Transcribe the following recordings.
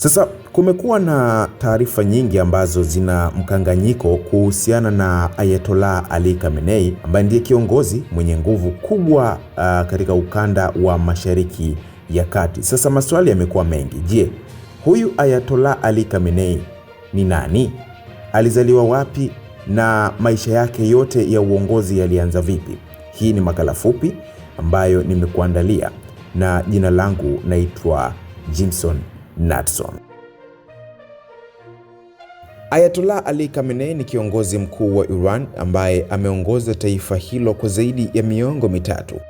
Sasa kumekuwa na taarifa nyingi ambazo zina mkanganyiko kuhusiana na Ayatollah Ali Khamenei ambaye ndiye kiongozi mwenye nguvu kubwa uh, katika ukanda wa Mashariki ya Kati. Sasa maswali yamekuwa mengi. Je, huyu Ayatollah Ali Khamenei ni nani? Alizaliwa wapi na maisha yake yote ya uongozi yalianza vipi? Hii ni makala fupi ambayo nimekuandalia na jina langu naitwa Jimson Natson. Ayatollah Ali Khamenei ni kiongozi mkuu wa Iran ambaye ameongoza taifa hilo kwa zaidi ya miongo mitatu.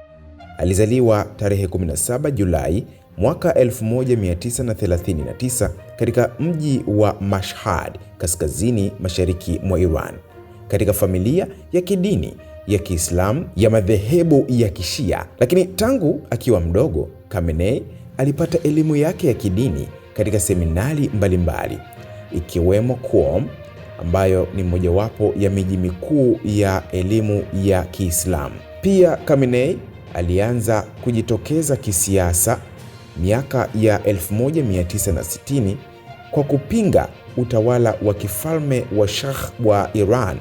Alizaliwa tarehe 17 Julai mwaka 1939 katika mji wa Mashhad, kaskazini mashariki mwa Iran, katika familia ya kidini ya Kiislamu ya madhehebu ya Kishia. Lakini tangu akiwa mdogo, Khamenei alipata elimu yake ya kidini katika seminari mbalimbali ikiwemo KUOM ambayo ni mojawapo ya miji mikuu ya elimu ya Kiislamu. Pia Khamenei alianza kujitokeza kisiasa miaka ya 1960 kwa kupinga utawala wa kifalme wa Shah wa Iran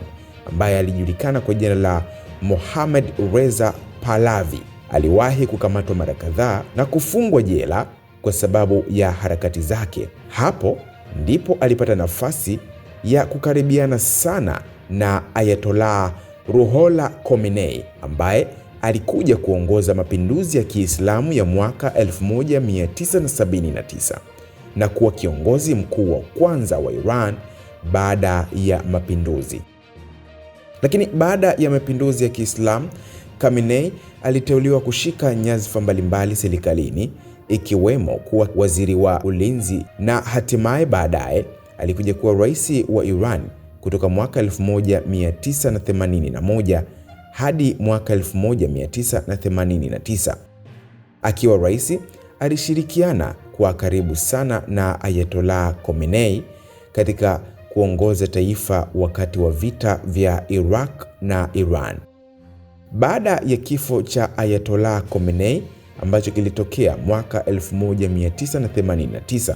ambaye alijulikana kwa jina la Mohammad Reza Pahlavi. Aliwahi kukamatwa mara kadhaa na kufungwa jela kwa sababu ya harakati zake. Hapo ndipo alipata nafasi ya kukaribiana sana na Ayatollah Ruhollah Khomeini ambaye alikuja kuongoza mapinduzi ya Kiislamu ya mwaka 1979 na kuwa kiongozi mkuu wa kwanza wa Iran baada ya mapinduzi. Lakini baada ya mapinduzi ya Kiislamu, Khamenei aliteuliwa kushika nyadhifa mbalimbali serikalini ikiwemo kuwa waziri wa ulinzi na hatimaye baadaye alikuja kuwa rais wa Iran kutoka mwaka 1981 hadi mwaka 1989. Akiwa rais alishirikiana kwa karibu sana na Ayatollah Khomeini katika kuongoza taifa wakati wa vita vya Iraq na Iran. Baada ya kifo cha Ayatollah Khomeini ambacho kilitokea mwaka 1989.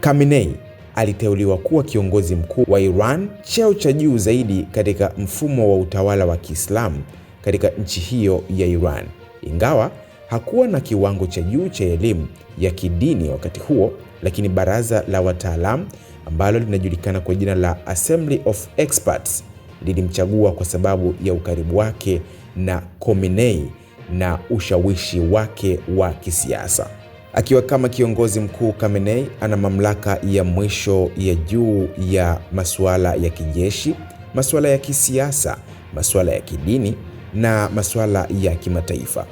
Khamenei aliteuliwa kuwa kiongozi mkuu wa Iran, cheo cha juu zaidi katika mfumo wa utawala wa Kiislamu katika nchi hiyo ya Iran. Ingawa hakuwa na kiwango cha juu cha elimu ya kidini wakati huo, lakini baraza la wataalamu ambalo linajulikana kwa jina la Assembly of Experts lilimchagua kwa sababu ya ukaribu wake na Khamenei na ushawishi wake wa kisiasa. Akiwa kama kiongozi mkuu, Khamenei ana mamlaka ya mwisho ya juu ya masuala ya kijeshi, masuala ya kisiasa, masuala ya kidini na masuala ya kimataifa.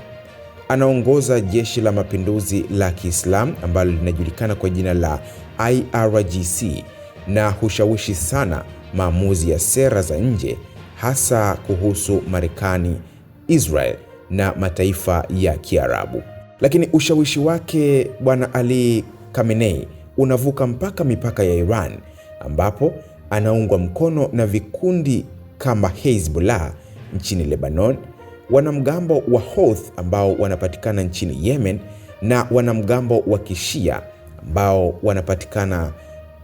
Anaongoza jeshi la mapinduzi la Kiislamu ambalo linajulikana kwa jina la IRGC na hushawishi sana maamuzi ya sera za nje hasa kuhusu Marekani, Israel na mataifa ya Kiarabu. Lakini ushawishi wake Bwana Ali Khamenei unavuka mpaka mipaka ya Iran ambapo anaungwa mkono na vikundi kama Hezbollah nchini Lebanon, wanamgambo wa Houthi ambao wanapatikana nchini Yemen na wanamgambo wa Kishia ambao wanapatikana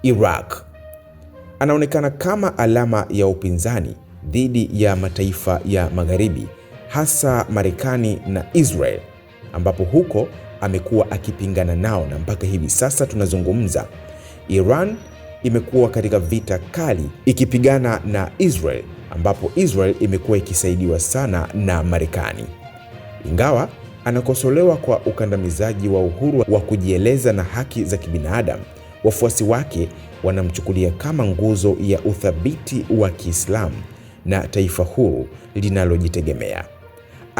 Iraq. Anaonekana kama alama ya upinzani dhidi ya mataifa ya Magharibi hasa Marekani na Israel, ambapo huko amekuwa akipingana nao na mpaka hivi sasa tunazungumza, Iran imekuwa katika vita kali ikipigana na Israel, ambapo Israel imekuwa ikisaidiwa sana na Marekani, ingawa anakosolewa kwa ukandamizaji wa uhuru wa kujieleza na haki za kibinadamu. Wafuasi wake wanamchukulia kama nguzo ya uthabiti wa Kiislamu na taifa huru linalojitegemea.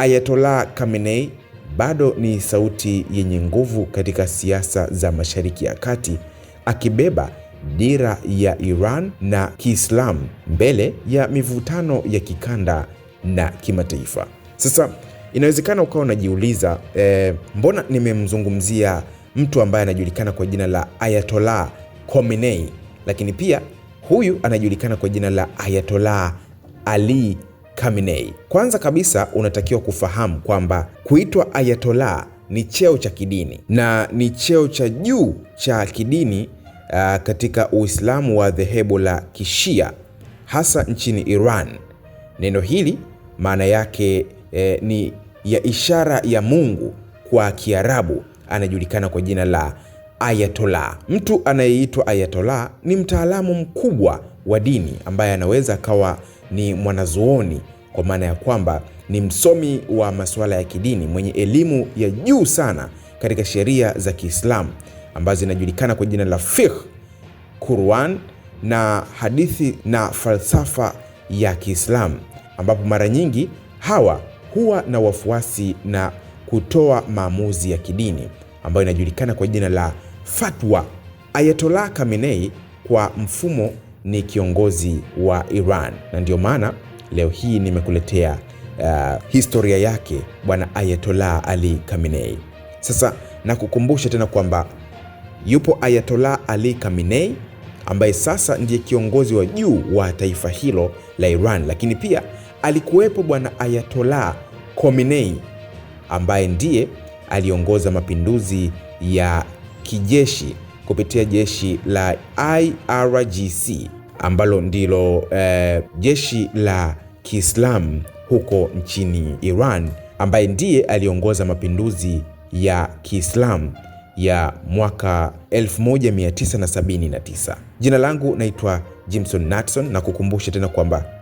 Ayatollah Khamenei bado ni sauti yenye nguvu katika siasa za Mashariki ya Kati, akibeba dira ya Iran na Kiislamu mbele ya mivutano ya kikanda na kimataifa. Sasa inawezekana ukawa unajiuliza eh, mbona nimemzungumzia mtu ambaye anajulikana kwa jina la Ayatollah Khamenei, lakini pia huyu anajulikana kwa jina la Ayatollah Ali Khamenei. Kwanza kabisa unatakiwa kufahamu kwamba kuitwa Ayatollah ni cheo cha kidini na ni cheo cha juu cha kidini uh, katika Uislamu wa dhehebu la Kishia hasa nchini Iran. Neno hili maana yake eh, ni ya ishara ya Mungu kwa Kiarabu, anajulikana kwa jina la Ayatollah. Mtu anayeitwa Ayatollah ni mtaalamu mkubwa wa dini ambaye anaweza akawa ni mwanazuoni kwa maana ya kwamba ni msomi wa masuala ya kidini mwenye elimu ya juu sana katika sheria za Kiislamu ambazo zinajulikana kwa jina la fiqh, Qur'an na hadithi na falsafa ya Kiislamu, ambapo mara nyingi hawa huwa na wafuasi na kutoa maamuzi ya kidini ambayo inajulikana kwa jina la Fatwa Ayatollah Khamenei kwa mfumo ni kiongozi wa Iran, na ndio maana leo hii nimekuletea uh, historia yake bwana Ayatollah Ali Khamenei. Sasa nakukumbusha tena kwamba yupo Ayatollah Ali Khamenei ambaye sasa ndiye kiongozi wa juu wa taifa hilo la Iran, lakini pia alikuwepo bwana Ayatollah Khomeini ambaye ndiye aliongoza mapinduzi ya kijeshi kupitia jeshi la IRGC ambalo ndilo eh, jeshi la Kiislamu huko nchini Iran ambaye ndiye aliongoza mapinduzi ya Kiislamu ya mwaka 1979. Jina langu naitwa Jimson Natson na kukumbusha tena kwamba